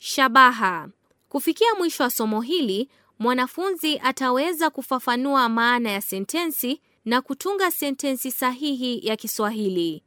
Shabaha. Kufikia mwisho wa somo hili, mwanafunzi ataweza kufafanua maana ya sentensi na kutunga sentensi sahihi ya Kiswahili.